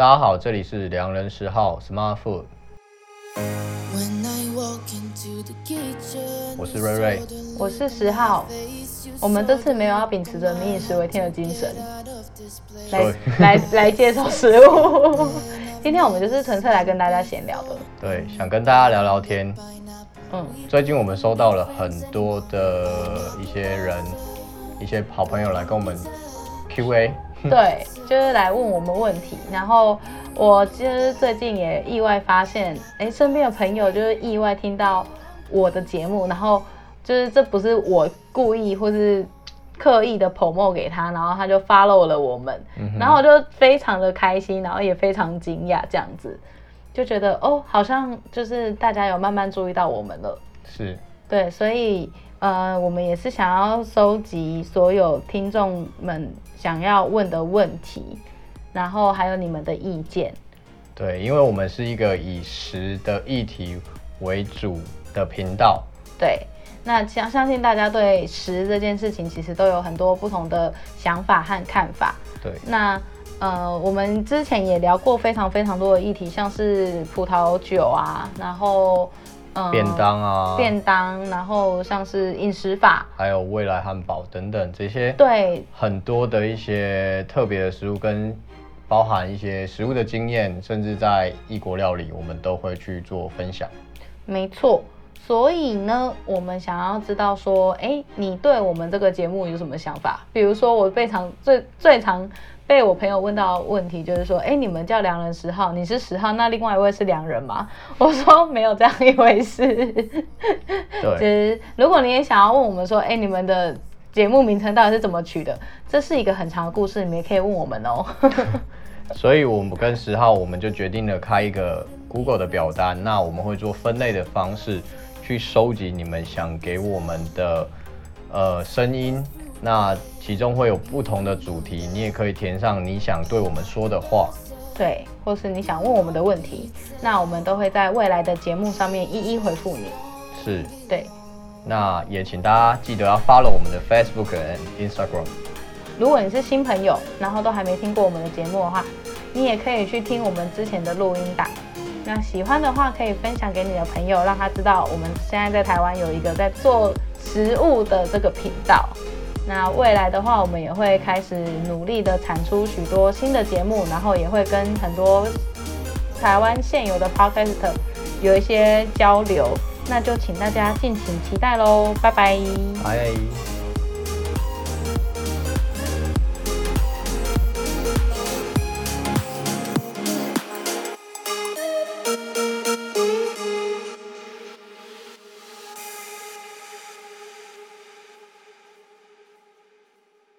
大家好，這裡是良人十號 Smart Food，我是瑞瑞，我是十號，我們這次沒有要秉持着“民以食為天”的精神，來來來介紹食物， 今天我們就是純粹來跟大家閒聊的。對，想跟大家聊聊天。嗯，最近我們收到了很多的一些人，一些好朋友來跟我們 QA。 對。就是來問我們問題，然後我其實最近也意外發現，哎、欸，身邊的朋友就是意外聽到我的節目，然後就是這不是我故意或是刻意的 promote 給他，然後他就 follow 了我們，嗯、哼然後我就非常的開心，然後也非常驚訝，這樣子就覺得哦，好像就是大家有慢慢注意到我們了，是，對，所以。呃，我們也是想要收集所有聽眾們想要問的問題，然後還有你們的意見。對，因為我們是一個以食的議題為主的頻道。對，那相相信大家對食這件事情其實都有很多不同的想法和看法。對，那呃，我們之前也聊過非常非常多的議題，像是葡萄酒啊，然後。嗯、便當啊，便當，然後像是飲食法，還有未來漢堡等等這些，對，很多的一些特別的食物跟包含一些食物的經驗，甚至在異國料理，我們都會去做分享。沒錯，所以呢，我們想要知道說，哎、欸，你對我們這個節目有什麼想法？比如說，我非常、最最常被我朋友問到問題，就是說，哎、欸，你們叫良人十號，你是十號，那另外一位是良人嗎？我說沒有這樣一回事。對，其實如果你也想要問我們說，哎、欸，你們的節目名稱到底是怎麼取的？這是一個很長的故事，你們也可以問我們哦、喔。 所以，我們跟十號，我們就決定了開一個 Google 的表單，那我們會做分類的方式去收集你們想給我們的呃聲音。那其中會有不同的主題，你也可以填上你想對我們說的話，對，或是你想問我們的問題，那我們都會在未來的節目上面一一回復你。是，對。那也請大家記得要 follow 我們的 Facebook 和 Instagram。如果你是新朋友，然後都還沒聽過我們的節目的話，你也可以去聽我們之前的錄音檔。那喜歡的話可以分享給你的朋友，讓他知道我們現在在台灣有一個在做食物的這個頻道。那未來的話，我們也會開始努力的產出許多新的節目，然後也會跟很多台灣現有的 podcast 有一些交流，那就請大家敬請期待嘍，拜，拜。